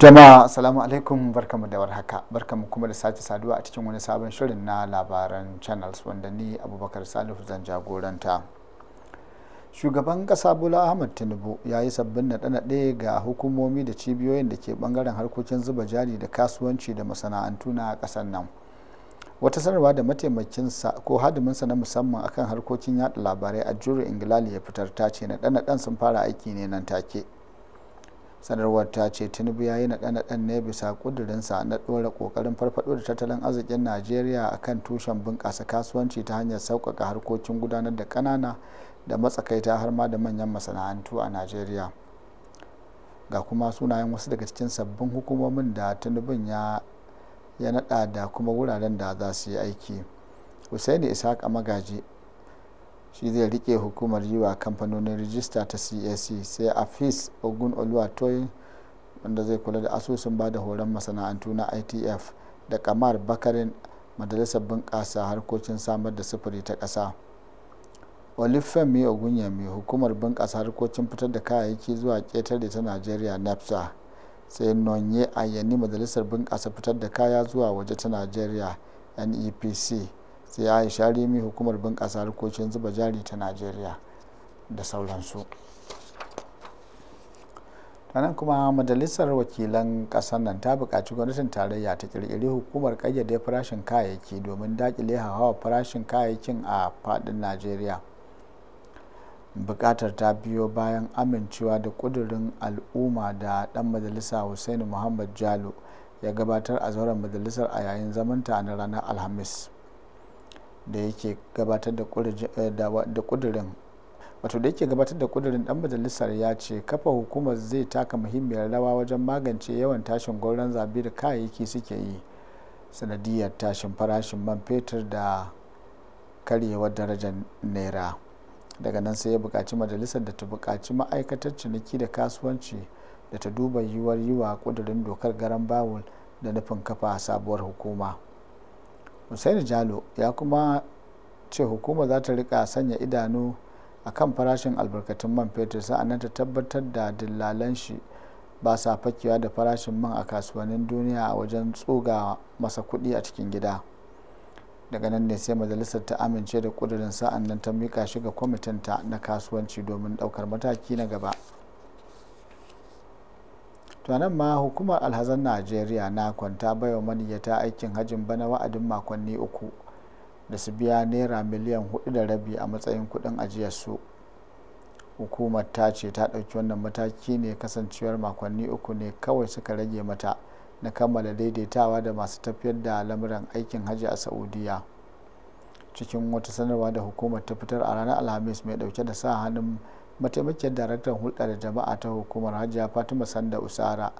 jama'a salamu alaikum barkamu da warhaka barkamu kuma da sake saduwa a cikin wani sabon shirin na labaran channels wanda ni abubakar salihu zan jagoranta shugaban kasa bula ahmad tinubu ya yi sabbin naɗe-naɗe ga hukumomi da cibiyoyin da ke bangaren harkokin zuba jari da kasuwanci da masana'antu na ƙasar nan wata sanarwa da mataimakinsa ko hadiminsa na musamman akan harkokin yada labarai a jure ingilali ya fitar ta ce naɗe-naɗen sun fara aiki ne nan take sanarwar ta ce tinubu ya yi naɗe-naɗen ne bisa ƙudurinsa na ɗora ƙoƙarin farfaɗo da tattalin arzikin najeriya a kan tushen bunƙasa kasuwanci ta hanyar sauƙaƙa harkokin gudanar da ƙanana da matsakaita har ma da manyan masana'antu a najeriya ga kuma sunayen wasu daga cikin sabbin hukumomin da tinubun ya ya naɗa da kuma wuraren da za su yi aiki husaini a magaji shi zai rike hukumar yi wa kamfanonin rijista ta cac sai a fis ogun oluwatoyin wanda zai kula da asusun ba da horon masana'antu na itf da kamar bakarin majalisar bunƙasa harkokin samar da sufuri ta ƙasa olifemi ogunyemi hukumar bunƙasa harkokin fitar da kayayyaki zuwa ƙetare ta najeriya nepsa sai nonye ayyani majalisar bunƙasa fitar da kaya zuwa waje ta najeriya nepc sai aisha rimi hukumar bunƙasa harkokin zuba jari ta najeriya da sauransu nan kuma majalisar wakilan ƙasar nan ta bukaci gwamnatin tarayya ta ƙirƙiri hukumar ƙayyade farashin kayayyaki domin daƙile hawa farashin kayayyakin a faɗin najeriya bukatar ta biyo bayan amincewa da ƙudurin al'umma da ɗan majalisa hussaini muhammad jalo ya gabatar a zauren majalisar a yayin zamanta na ranar alhamis da yake gabatar da kudirin eh, wato da yake gabatar da kudirin dan majalisar ya ce kafa hukumar zai taka muhimmiyar rawa wajen magance yawan tashin gauran zabi da kayayyaki suke yi sanadiyar tashin farashin man fetur da karyewar darajar naira daga nan sai ya bukaci majalisar da ta bukaci ma'aikatar ciniki da kasuwanci da ta duba yiwuwar yi wa kudirin dokar garan bawul da nufin kafa sabuwar hukuma Hussaini Jalo ya kuma ce hukuma za ta rika sanya idanu a kan farashin albarkatun man fetur sa'annan ta tabbatar da dillalan shi ba sa fakewa da farashin man a kasuwannin duniya a wajen tsoga masa kuɗi a cikin gida daga nan ne sai majalisar ta amince da ƙudurin sa'annan ta mika shi ga kwamitin ta na kasuwanci domin ɗaukar mataki na gaba to nan ma hukumar alhazan najeriya na kwanta baiwa maniyyata aikin hajjin bana wa'adin makonni uku da su biya naira miliyan hudu da rabi a matsayin kudin ajiyarsu hukumar ta ce ta ɗauki wannan mataki ne kasancewar makonni uku ne kawai suka rage mata na kammala daidaitawa da masu tafiyar da lamuran aikin hajji a saudiya cikin wata sanarwa da hukumar ta fitar a ranar alhamis mai ɗauke da sa hannun mataimakiyar daraktan hulɗa da jama'a ta hukumar hajiya fatima sanda usara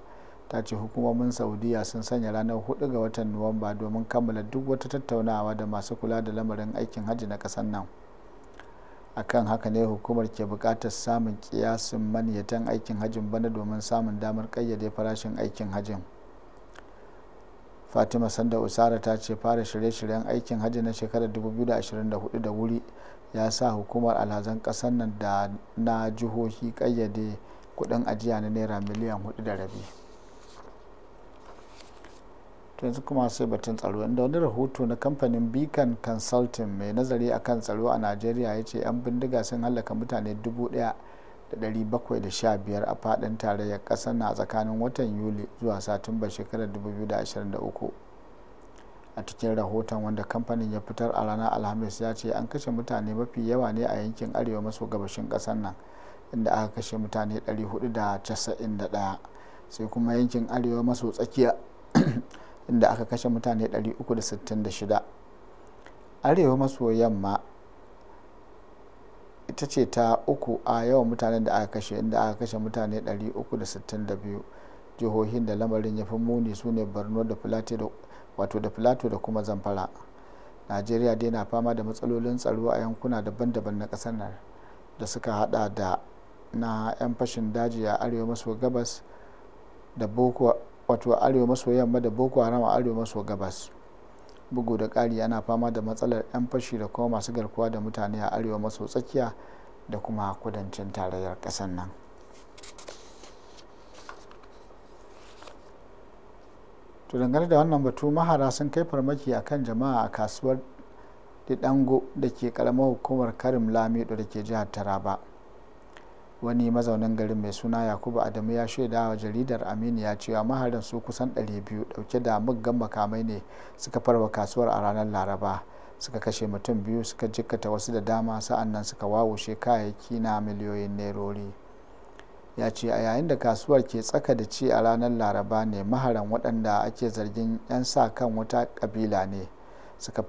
ta ce hukumomin saudiya sun sanya ranar 4 ga watan nuwamba domin kammala duk wata tattaunawa da masu kula da lamarin aikin hajji na ƙasar nan akan haka ne hukumar ke bukatar samun kiyasin maniyatan aikin hajjin bana domin samun damar kayyade farashin aikin hajjin. fatima sanda usara ta ce fara shirye-shiryen aikin hajji na shekarar 2024 da wuri ya sa hukumar alhazan kasar nan da na jihohi kayyade kudin ajiya na naira miliyan 4 da rabi yanzu kuma sai batun tsaro inda wani rahoto na kamfanin beacon consulting mai nazari akan tsaro a najeriya ya ce 'yan bindiga sun hallaka mutane dubu biyar a fadin tarayyar kasar na tsakanin watan yuli zuwa satumba shekarar 2023 a cikin rahoton wanda kamfanin ya fitar a ranar alhamis ya ce an kashe mutane mafi yawa ne a yankin arewa maso gabashin kasar nan inda aka kashe mutane 491 sai kuma yankin arewa maso tsakiya inda aka kashe mutane 366 arewa maso yamma ita ce ta uku a yawan mutanen da aka kashe inda aka kashe mutane 362 jihohin da lamarin ya fi muni su ne borno da wato da da kuma zamfara najeriya dai na fama da matsalolin tsaro a yankuna daban-daban na ƙasar nan da suka hada da na 'yan fashin daji a arewa maso gabas da boko wato arewa maso yamma da boko haram a arewa maso gabas bugu da ƙari yana fama da matsalar 'yan fashi da kuma masu garkuwa da mutane a arewa maso tsakiya da kuma kudancin tarayyar ƙasar nan to dangane da wannan batu mahara sun kai farmaki a kan jama'a a kasuwar didango da ke karamar hukumar karim lamido da ke jihar taraba wani mazaunin garin mai suna yakubu adamu ya shaida wa jaridar aminu ya cewa maharin su kusan 200 dauke da muggan makamai ne suka farwa kasuwar a ranar laraba suka kashe mutum biyu suka jikkata wasu da dama sa'an nan suka wawushe kayayyaki na miliyoyin nerori ya ce a yayin da kasuwar ke tsaka da ci a ranar laraba ne maharan waɗanda ake zargin 'yan sa kan wata kabila ne suka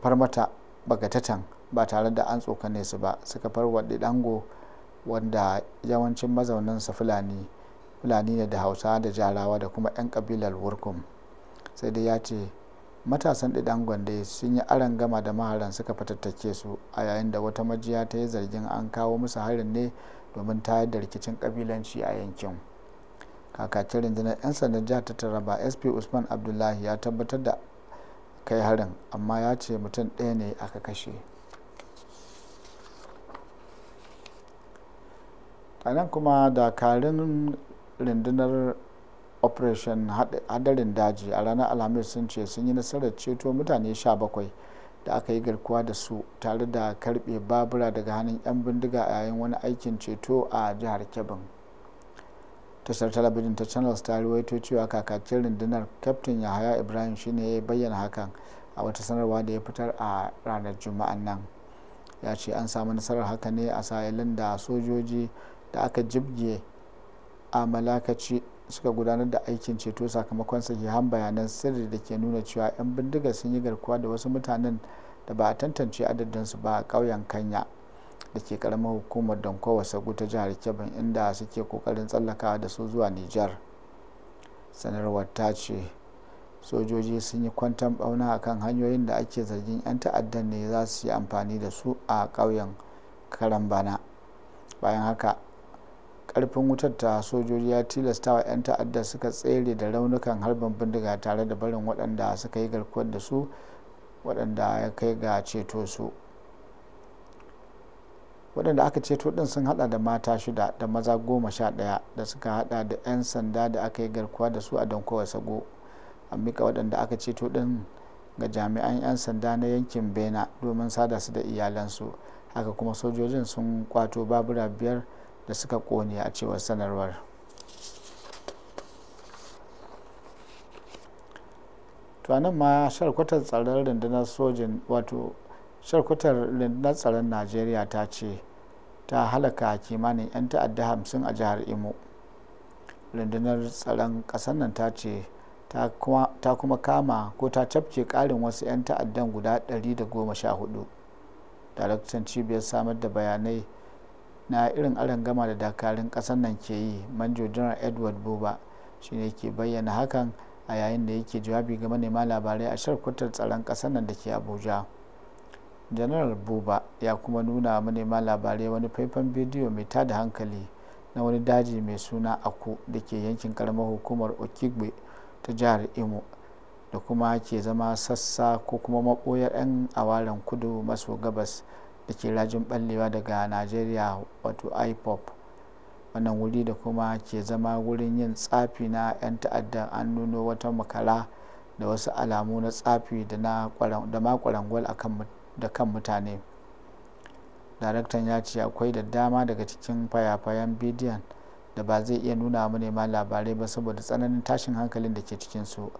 far mata bagatatan ba tare da an tsokane su ba suka farwaɗe dango wanda yawancin su fulani fulani ne da hausa da jarawa da kuma 'yan kabilar wurkum sai dai ya ce matasan ɗiɗangon dai sun yi aron gama da maharan suka fatattake su a yayin da wata majiya ta yi zargin an kawo musu harin ne domin tayar da rikicin kabilanci a yankin kakakin rundunar 'yan sandan jihar ta taraba sp usman abdullahi ya tabbatar da kai harin amma ya ce mutum ɗaya ne aka kashe a nan kuma dakarun rundunar operation hadarin daji a ranar alhamis sun ce sun yi nasarar ceto mutane 17 da aka yi garkuwa da su tare da karbe babura daga hannun 'yan bindiga a yayin wani aikin ceto a jihar kebin tashar talabijin ta channels ta ruwaito cewa kakakin rundunar captain yahaya ibrahim shine ya bayyana hakan a wata sanarwa da ya fitar a ranar juma'an nan ya ce an samu nasarar haka ne a sa'ilin da sojoji da aka jibge a malakaci suka gudanar da aikin ceto sakamakon han bayanan sirri da ke nuna cewa 'yan bindiga sun yi garkuwa da wasu mutanen da ba a tantance adadinsu ba a ƙauyen kanya da ke karamar hukumar donkowa sagu ta jihar kebbi inda suke kokarin tsallakawa da su zuwa nijar sanarwar ta ce sojoji sun yi kwantan bauna a kan hanyoyin da ake zargin 'yan ta'addan ne za su yi amfani da su a ƙauyen karambana bayan haka karfin wutar ta sojoji ya tilasta wa 'yan ta'adda suka tsere da raunukan harbin bindiga tare da barin waɗanda suka yi garkuwar da su waɗanda ya kai ga ceto su waɗanda aka ceto ɗin sun hada da mata shida da maza goma sha ɗaya da suka hada da 'yan sanda da aka yi garkuwa da su a donkowa sago a mika waɗanda aka ceto ɗin ga jami'an 'yan sanda na yankin bena domin sada su da iyalansu haka kuma sojojin sun kwato babura biyar da suka kone a cewar sanarwar nan ma sharkwatar tsaron rundunar sojin wato sharkwatar rundunar tsaron najeriya ta ce ta halaka kimanin 'yan ta'adda hamsin a jihar imo rundunar tsaron ƙasar nan ta ce ta kuma kama ko ta cafke ƙarin wasu 'yan ta'addan guda 114 daraktan cibiyar samar da bayanai na irin gama da dakarun kasar nan ke yi manjo janar edward buba shine ke bayyana hakan a yayin da yake jawabi ga manema labarai a sharkutar tsaron kasar nan da ke abuja janaral buba ya kuma nuna manema labarai wani faifan bidiyo mai tada hankali na wani daji mai suna aku da ke yankin karamar hukumar okigbe ta jihar imo da kuma ke zama sassa ko kuma maboyar 'yan awaren kudu maso gabas da ke rajin ballewa daga nigeria wato ipop wannan wuri da kuma ke zama wurin yin tsafi na 'yan ta'adda an nuno wata makara da wasu alamu na tsafi da ma kwarangwal da kan mutane daraktan ya ce akwai da dama daga cikin fayafayen bidiyon da ba zai iya nuna manema labarai ba saboda tsananin tashin hankalin da ke cikinsu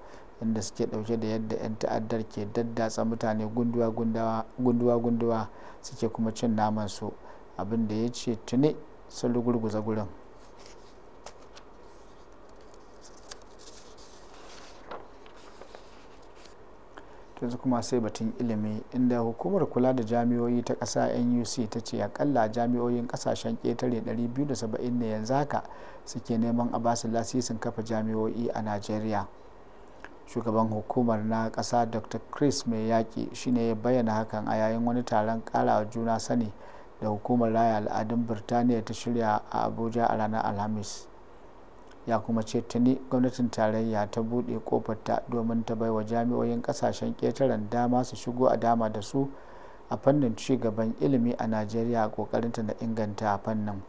inda suke dauke da yadda 'yan ta'addar ke daddatsa mutane gunduwa-gunduwa suke kuma cin naman su abin da ya ce tuni sun rugurguza gurin yanzu kuma sai batun ilimi inda hukumar kula da jami'oyi ta ƙasa nuc ta ce akalla jami'oyin ƙasashen ƙetare 270 ne yanzu haka suke neman a basu lasisin kafa jami'o'i a najeriya shugaban hukumar na kasa dr chris mai yaki shine ya bayyana hakan a yayin wani taron karawa juna sani da hukumar raya al'adun birtaniya ta shirya a abuja a ranar alhamis ya kuma ce tuni gwamnatin tarayya ta buɗe kofarta domin ta baiwa jami'oyin kasashen ƙetaren dama su shigo a dama da su a fannin ci ilimi a najeriya a kokarinta na inganta fannin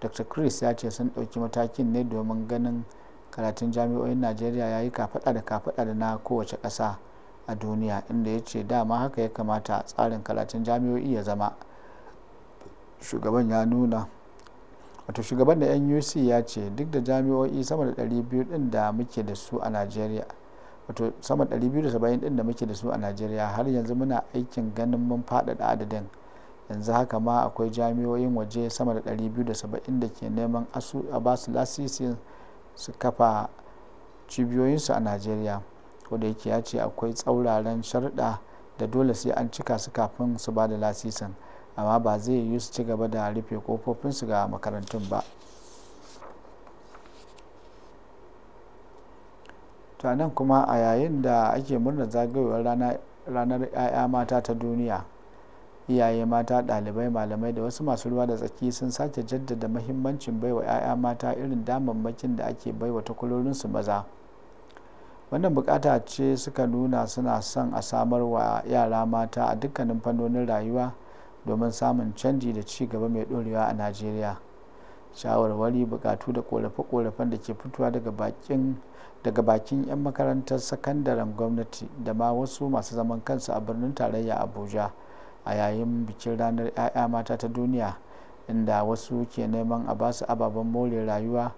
dr chris ya ce sun ɗauki matakin ne domin ganin karatun jami'o'in najeriya ya yi kafada da kafada da na kowace ƙasa a duniya inda ya ce dama haka ya kamata tsarin karatun jami'o'i ya zama shugaban ya nuna wato shugaban da nuc ya ce duk da jami'o'i sama da 200 din da muke da su a najeriya wato sama da 270 din da muke da su a najeriya har yanzu muna aikin ganin mun faɗaɗa adadin yanzu haka ma akwai jami'o'in waje sama da 270 da ke neman a basu lasisin su kafa cibiyoyinsu a najeriya wadda yake ya ce akwai tsauraran sharda da dole sai an cika su kafin su ba da lasisin amma ba zai yi su ci gaba da rufe kofofinsu ga makarantun ba to nan kuma a yayin da ake murnar zagayowar ranar 'ya'ya mata ta duniya iyaye mata ɗalibai malamai da wasu masu ruwa da tsaki sun sake jaddada mahimmancin baiwa 'ya'ya mata irin damammakin da ake baiwa takwarorinsu maza wannan bukata ce suka nuna suna son a samar wa yara mata a dukkanin fannonin rayuwa domin samun canji da ci gaba mai ɗorewa a najeriya shawarwari bukatu da korafe-korafen da ke fitowa daga bakin 'yan makarantar sakandaren gwamnati da ma wasu masu zaman kansu a birnin tarayya abuja a yayin bikin ranar 'ya'ya mata ta duniya inda wasu ke neman a basu ababen more rayuwa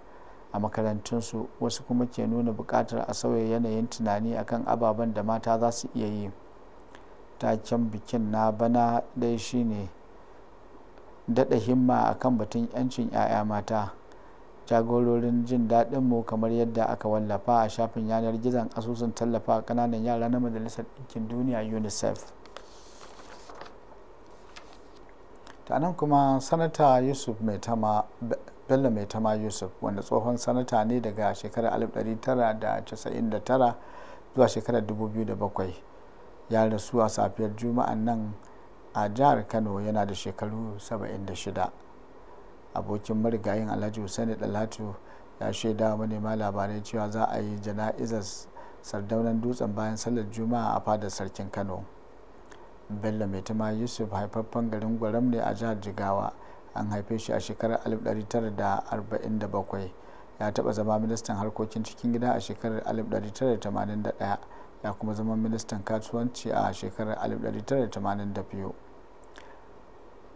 a makarantunsu wasu kuma ke nuna bukatar a sauya yanayin tunani akan ababen da mata za su iya yi taken bikin na bana dai shine daɗa himma akan batun 'yancin 'ya'ya mata jagororin jin daɗinmu kamar yadda aka wallafa a shafin yanar gizon asusun tallafa ƙananan yara na majalisar ɗinkin duniya unicef ta nan kuma sanata yusuf mai tama bello mai tama yusuf wanda tsohon sanata ne daga shekarar 1999 zuwa shekarar 2007 ya rasu a safiyar juma'a nan a jihar kano yana da shekaru 76 abokin marigayin alhaji hussaini dalatu ya shaida manema labarai cewa za a yi jana'izar sardaunan dutsen bayan sallar juma'a a fadar sarkin kano bello mai tama yusuf haifaffen garin gwaram ne a jihar jigawa an haife shi a shekarar 1947 ya taba zama ministan harkokin cikin gida a shekarar 1981 ya kuma zama ministan kasuwanci a shekarar 1982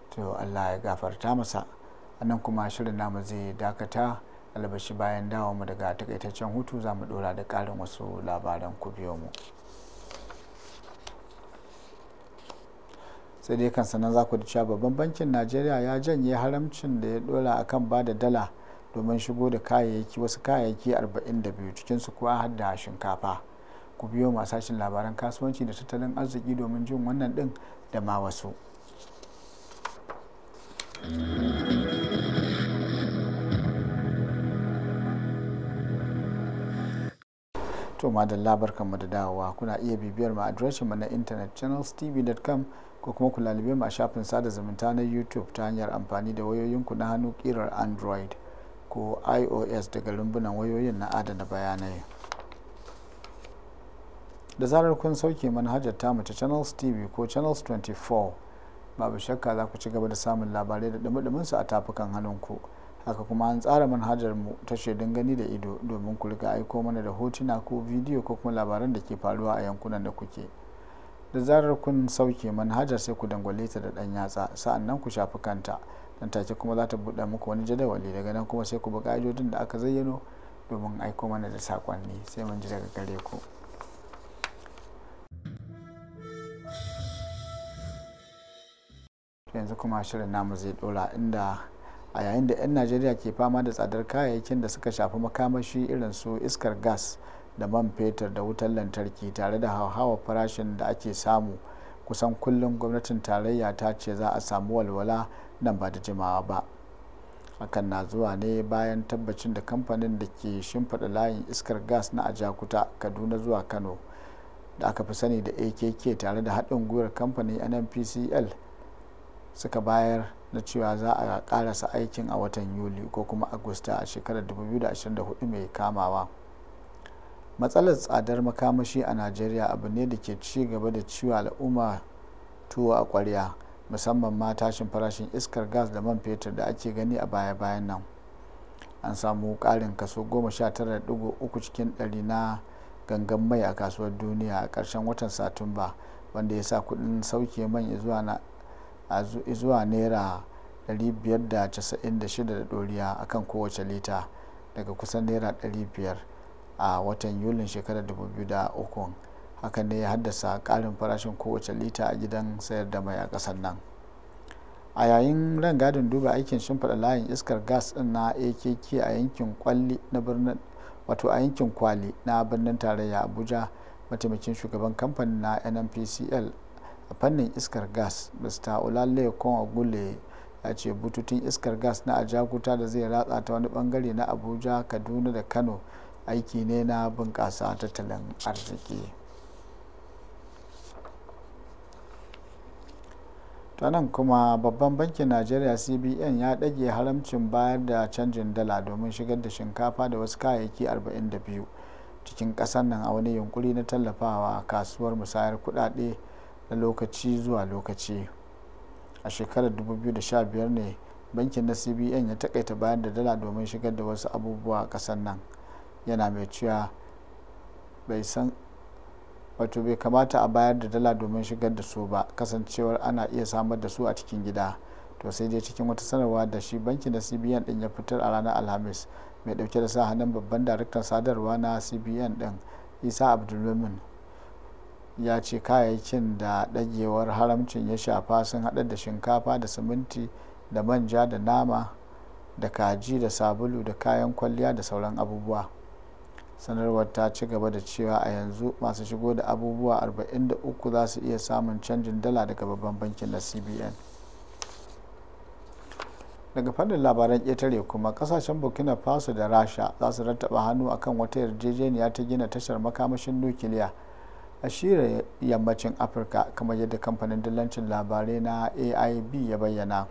to allah ya gafarta masa anan kuma shirin namu zai dakata albashi bayan dawo mu daga takaitaccen hutu za mu dora da ƙarin wasu labaran ku biyo mu sai dai kan sanan za ku da cewa babban bankin najeriya ya janye haramcin da ya dora akan ba da dala domin shigo da kayayyaki wasu kayayyaki 42 cikinsu kuwa har da shinkafa ku biyo masashin labaran kasuwanci da tattalin arziki domin jin wannan din da ma wasu to madalla barkanmu da dawowa kuna iya bibiyar mu adireshinmu na intanet channelstv.com ko kuma ku lalube mu a shafin sada zumunta na youtube ta hanyar amfani da wayoyinku na hannu kirar android ko ios daga rumbunan wayoyin na adana bayanai da zarar kun sauke manhajar tamu ta channels tv ko channels 24 babu shakka za ku ci gaba da samun labarai da dumi su a tafukan hannunku haka kuma an tsara manhajar mu ta shaidun gani da ido domin ku riga aiko mana da hotuna ko bidiyo ko kuma labaran da ke faruwa a yankunan da kuke da zarar kun sauke manhajar sai ku dangwale ta da ɗan yatsa sa'an nan ku shafi kanta dan take kuma za ta buɗe muku wani jadawali daga nan kuma sai ku bi ƙa'idodin da aka zayyano domin aiko mana da sakonni sai mun ji daga gare ku. yanzu kuma shirin namu zai dora inda a yayin da 'yan najeriya ke fama da tsadar kayayyakin da suka shafi makamashi irin su iskar gas da man fetur da wutar lantarki tare da hauhawa farashin da ake samu kusan kullum gwamnatin tarayya ta ce za a samu walwala nan ba da jimawa ba hakan na zuwa ne bayan tabbacin da kamfanin da ke shimfiɗa layin iskar gas na ajakuta kaduna zuwa kano da aka fi sani da akk tare da haɗin gwiwar kamfanin nnpcl suka bayar na cewa za a ƙarasa aikin a watan yuli ko kuma agusta a shekarar 2024 mai kamawa matsalar tsadar makamashi a najeriya abu ne da ke ci gaba da ciwo al'umma tuwo a kwarya musamman ma tashin farashin iskar gas da man fetur da ake gani a baya-bayan nan an samu karin kaso 19.3 cikin ɗari na gangan mai a kasuwar duniya a ƙarshen watan satumba wanda ya sa kudin sauke man zuwa naira 596 da doriya akan kowace lita daga kusan naira 500 a watan yulin shekarar 2003 hakan ne ya haddasa karin farashin kowace lita a gidan sayar da mai a kasar nan a yayin ran gadin duba aikin shimfiɗa layin iskar gas ɗin na akk a yankin kwali na birnin wato a yankin kwali na birnin tarayya abuja mataimakin shugaban kamfanin na nnpcl a fannin iskar gas mr olale gule ya ce bututun iskar gas na ajakuta da zai ratsa ta wani bangare na abuja kaduna da kano aiki ne na bunƙasa tattalin arziki ta nan kuma babban bankin najeriya cbn ya ɗage haramcin bayar da canjin dala domin shigar da shinkafa da wasu kayayyaki 42 cikin ƙasar nan a wani yunkuri na tallafawa kasuwar musayar kuɗaɗe na lokaci zuwa lokaci a shekarar 2015 ne bankin na cbn ya takaita bayar da dala domin shigar da wasu abubuwa ƙasar nan yana mai cewa bai san wato bai kamata a bayar da dala domin shigar da su ba kasancewar ana iya samar da su a cikin gida to sai dai cikin wata sanarwa da shi bankin na cbn din ya fitar a ranar alhamis mai dauke da sa hannun babban daraktan sadarwa na cbn din isa abdulmumin ya ce kayayyakin da dagewar haramcin ya shafa sun hada da shinkafa da siminti da manja da nama da kaji da sabulu da kayan kwalliya da sauran abubuwa sanarwar ta ci gaba da cewa a yanzu masu shigo da abubuwa 43 za su iya samun canjin dala daga babban bankin na cbn daga fannin labaran ƙetare kuma kasashen burkina faso da rasha za su rattaba hannu akan wata yarjejeniya ta gina tashar makamashin nukiliya a shirya yammacin afirka kamar yadda kamfanin dillancin labarai na aib ya bayyana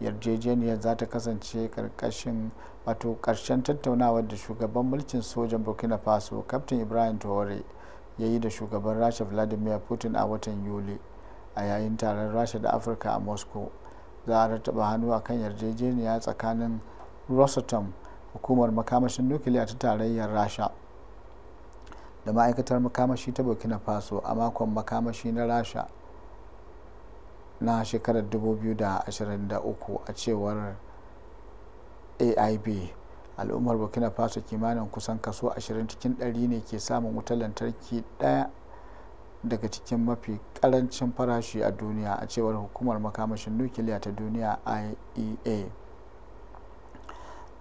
yarjejeniyar za ta kasance karkashin wato karshen tattaunawar da shugaban mulkin sojan burkina faso captain ibrahim traore ya yi da shugaban rasha vladimir putin a watan yuli a yayin taron rasha da afirka a moscow za a rataba hannu a kan yarjejeniya tsakanin rosatom hukumar makamashin nukiliya ta tarayyar rasha da ma'aikatar makamashi ta burkina faso a makon makamashi na rasha na shekarar 2023 a cewar aib al'ummar burkina faso kimanin kusan kaso 20 cikin 100 ne ke samun wutar lantarki daya daga cikin mafi karancin farashi a duniya a cewar hukumar makamashin nukiliya ta duniya iea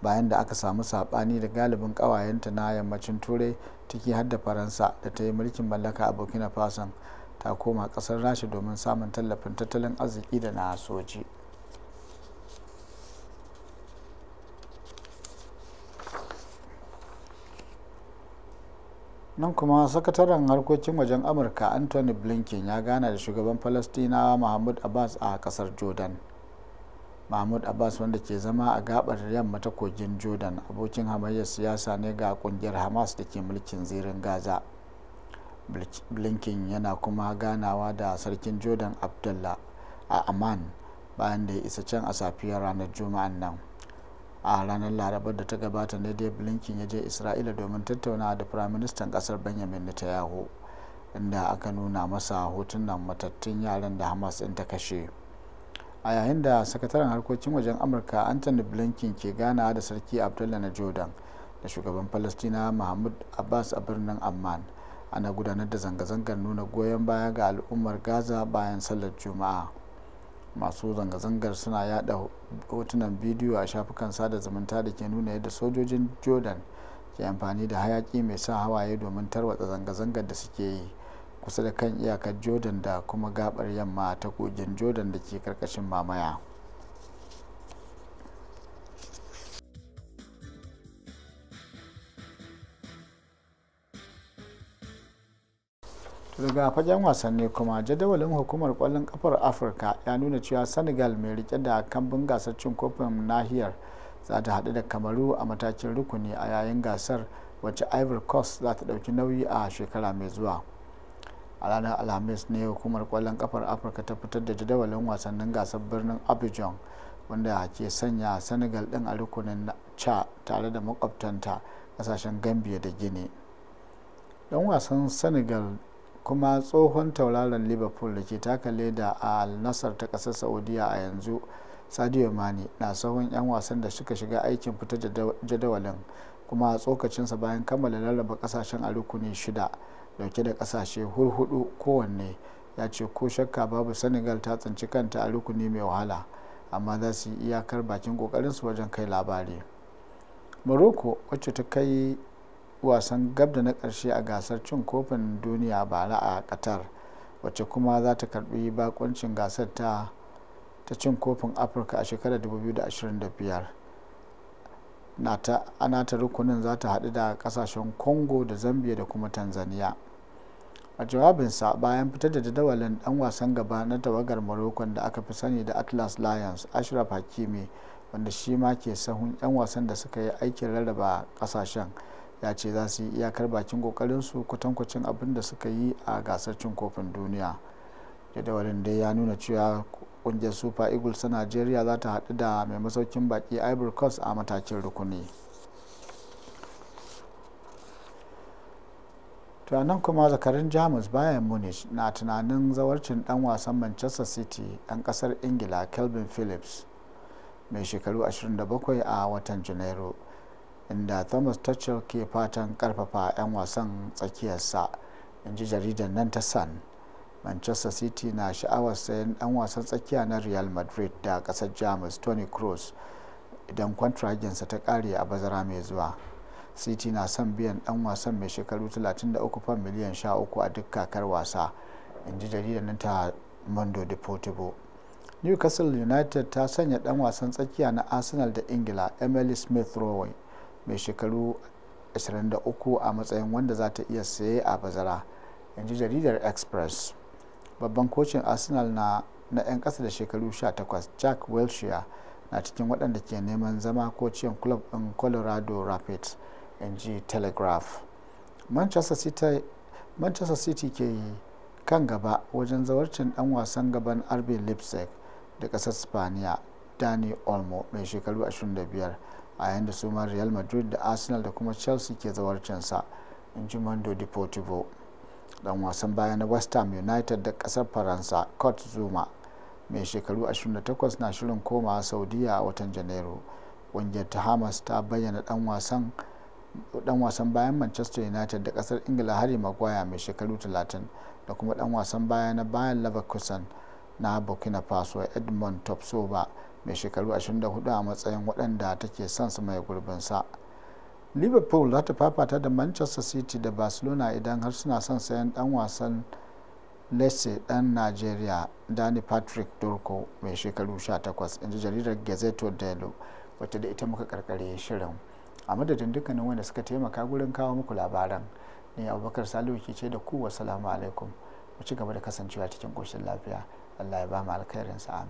bayan da aka samu sabani da galibin kawayenta na yammacin turai ciki har da faransa da ta yi mulkin mallaka a burkina faso a koma kasar rasha domin samun tallafin tattalin arziki da na soji nan kuma sakataren harkokin wajen amurka anthony blinken ya gana da shugaban falastinawa mahmud abbas a kasar jordan mahmud abbas wanda ke zama a gabar yamma ta kogin jordan abokin hamayyar siyasa ne ga kungiyar hamas da ke mulkin zirin gaza blinken yana kuma ganawa da sarkin jordan abdullah a amman bayan da ya isa can a safiyar ranar juma'an nan a ranar larabar da ta gabata ne dai blinken ya je isra'ila domin tattauna da firaministan kasar benjamin netanyahu inda aka nuna masa hotunan matattun yaran da hamas ta kashe a yayin da sakataren harkokin wajen amurka anthony blinken ke gana da sarki abdullah na jordan da shugaban palestina mahmud abbas a birnin amman ana gudanar da zanga-zangar nuna goyon baya ga al'ummar gaza bayan sallar juma'a masu zanga-zangar suna yada hotunan bidiyo a shafukan sada zumunta da ke nuna yadda sojojin jordan ke amfani da hayaki mai sa hawaye domin tarwatsa zanga-zangar da suke yi kusa da kan iyakar jordan da kuma gabar yamma ta kogin jordan da ke karkashin mamaya daga fagen wasanni kuma jadawalin hukumar kwallon kafar afirka ya nuna cewa senegal mai rike da kambun gasar cin kofin nahiyar za ta hadu da kamaru a matakin rukuni a yayin gasar wacce ivory coast za ta ɗauki nauyi a shekara mai zuwa a ranar alhamis ne hukumar kwallon kafar afirka ta fitar da jadawalin wasannin gasar birnin abidjan wanda ke sanya senegal din a rukunin ca tare da makwabtanta kasashen gambia da gini dan wasan senegal kuma tsohon tauraron liverpool da ke taka leda a al ta kasar saudiya a yanzu sadio mani na sahun 'yan wasan da suka shiga aikin fitar jadawalin kuma a tsokacinsa bayan kammala rarraba kasashen a rukuni shida dauke da kasashe hurhudu kowanne ya ce ko shakka babu senegal ta tsinci kanta a rukuni mai wahala amma za su yi iyakar bakin kokarinsu wajen kai labari morocco wacce ta kai wasan gab da na ƙarshe a gasar cin kofin duniya bara a qatar wacce kuma za ta karbi bakoncin gasar ta ta cin kofin afirka a shekarar 2025 ana ta rukunin za ta haɗu da ƙasashen congo da zambia da kuma tanzania a jawabinsa bayan fitar da jadawalin dan wasan gaba na tawagar morocco da aka fi sani da atlas lions ashraf hakimi wanda shi ma ke sahun 'yan wasan da suka yi aikin rarraba kasashen ya ce za su yi iyakar bakin kokarinsu kwatankwacin abin da suka yi a gasar cin kofin duniya jadawalin dai ya nuna cewa kungiyar super eagles ta nigeria za ta haɗu da mai masaukin baki ivory coast a matakin rukuni tunanin kuma zakarin jamus bayan munich na tunanin zawarcin dan wasan manchester city dan kasar ingila kelvin phillips mai shekaru 27 a watan janairu inda thomas tuchel ke fatan karfafa 'yan wasan tsakiyarsa in ji jaridar nan ta san manchester city na sha'awar sayan dan wasan tsakiya na real madrid da kasar jamus tony cross idan kwantragensa ta kare a bazara mai zuwa city na son biyan dan wasan mai shekaru 33 miliyan 13 a duk kakar wasa in ji jaridar nan ta mondo deportivo newcastle united ta sanya dan wasan tsakiya na arsenal da ingila emily smith rowe mai shekaru 23 a matsayin wanda za ta iya saye a bazara in ji jaridar express babban kocin arsenal na na 'yan ƙasa da shekaru 18 jack wilshere na cikin waɗanda ke neman zama kocin club ɗin colorado rapids in ji telegraph manchester city ke kan gaba wajen zawarcin ɗan wasan gaban rb leipzig da ƙasar spaniya dani olmo mai shekaru 25 a yayin da su real madrid da arsenal da kuma chelsea ke zawarcinsa in ji mando deportivo dan wasan baya na west ham united da kasar faransa kurt zuma mai shekaru 28 na shirin komawa saudiya a watan janairu ƙungiyar ta hamas ta bayyana dan wasan dan wasan bayan manchester united da kasar ingila harry maguire mai shekaru 30 da kuma dan wasan baya na bayan leverkusen na burkina faso edmond topsoba mai shekaru 24 a matsayin waɗanda take son su mai gurbinsa liverpool za ta fafata da manchester city da barcelona idan har suna son sayan dan wasan lesse dan nigeria dani patrick dorko mai shekaru 18 inji jaridar gazeto dello wata da ita muka karkare shirin a madadin dukkanin wanda suka taimaka gurin kawo muku labaran ne abubakar salihu ke ce da ku wasu alaikum mu ci gaba da kasancewa cikin koshin lafiya الله يبارك فيك خير آمين